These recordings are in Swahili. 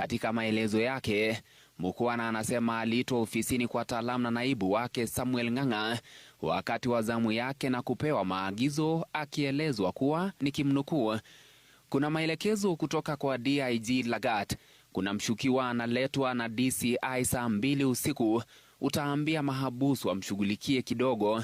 Katika maelezo yake, mukwana anasema aliitwa ofisini kwa taalamu na naibu wake Samuel Ng'ang'a wakati wa zamu yake na kupewa maagizo, akielezwa kuwa nikimnukuu, kuna maelekezo kutoka kwa DIG Lagat, kuna mshukiwa analetwa na DCI saa mbili usiku, utaambia mahabusu amshughulikie kidogo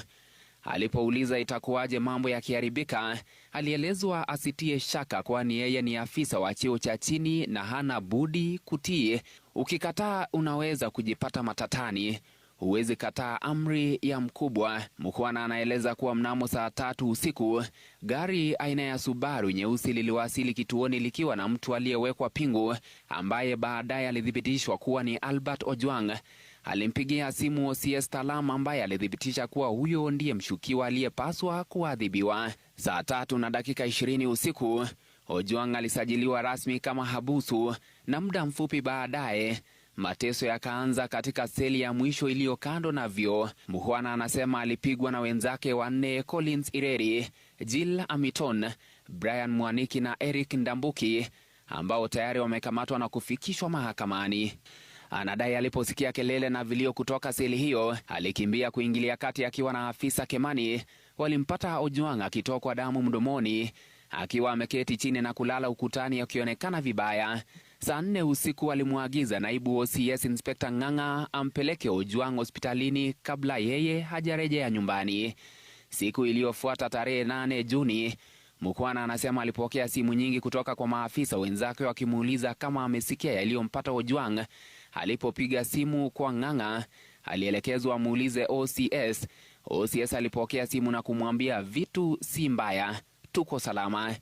Alipouliza itakuwaje mambo yakiharibika, alielezwa asitie shaka, kwani yeye ni afisa wa cheo cha chini na hana budi kutii. Ukikataa unaweza kujipata matatani, huwezi kataa amri ya mkubwa. Mkwana anaeleza kuwa mnamo saa tatu usiku gari aina ya Subaru nyeusi liliwasili kituoni likiwa na mtu aliyewekwa pingu ambaye baadaye alithibitishwa kuwa ni Albert Ojwang alimpigia simu OCS Talam ambaye alithibitisha kuwa huyo ndiye mshukiwa aliyepaswa kuadhibiwa. Saa tatu na dakika ishirini usiku Ojwang alisajiliwa rasmi kama habusu na muda mfupi baadaye mateso yakaanza katika seli ya mwisho iliyo kando na vyoo. Muhwana anasema alipigwa na wenzake wanne Collins Ireri, Jill Amiton, Brian Mwaniki na Eric Ndambuki ambao tayari wamekamatwa na kufikishwa mahakamani. Anadai aliposikia kelele na vilio kutoka seli hiyo alikimbia kuingilia kati akiwa na afisa Kemani. Walimpata Ojwang akitokwa damu mdomoni akiwa ameketi chini na kulala ukutani akionekana vibaya. Saa nne usiku alimwagiza naibu OCS Inspekta Ng'ang'a ampeleke Ojwang hospitalini kabla yeye hajarejea nyumbani. Siku iliyofuata tarehe 8 Juni, Mukwana anasema alipokea simu nyingi kutoka kwa maafisa wenzake wakimuuliza kama amesikia yaliyompata Ojwang, alipopiga simu kwa Ng'ang'a alielekezwa amuulize OCS. OCS alipokea simu na kumwambia vitu si mbaya, tuko salama.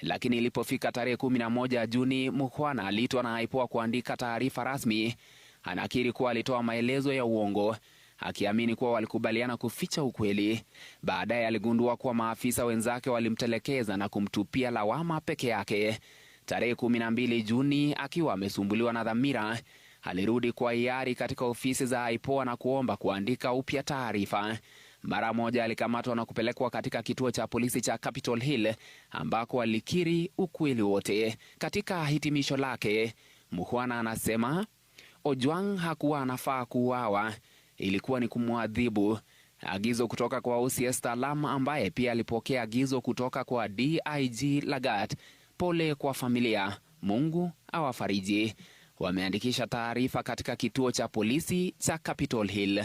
Lakini ilipofika tarehe 11 Juni, Mukhwana aliitwa na aipoa kuandika taarifa rasmi. Anakiri kuwa alitoa maelezo ya uongo akiamini kuwa walikubaliana kuficha ukweli. Baadaye aligundua kuwa maafisa wenzake walimtelekeza na kumtupia lawama peke yake. Tarehe 12 Juni, akiwa amesumbuliwa na dhamira alirudi kwa hiari katika ofisi za IPOA na kuomba kuandika upya taarifa. Mara moja alikamatwa na kupelekwa katika kituo cha polisi cha Capitol Hill ambako alikiri ukweli wote. Katika hitimisho lake, Mukhwana anasema Ojwang hakuwa anafaa kuuawa, ilikuwa ni kumwadhibu. Agizo kutoka kwa OCS Talam ambaye pia alipokea agizo kutoka kwa DIG Lagat. Pole kwa familia, Mungu awafariji wameandikisha taarifa katika kituo cha polisi cha Capitol Hill.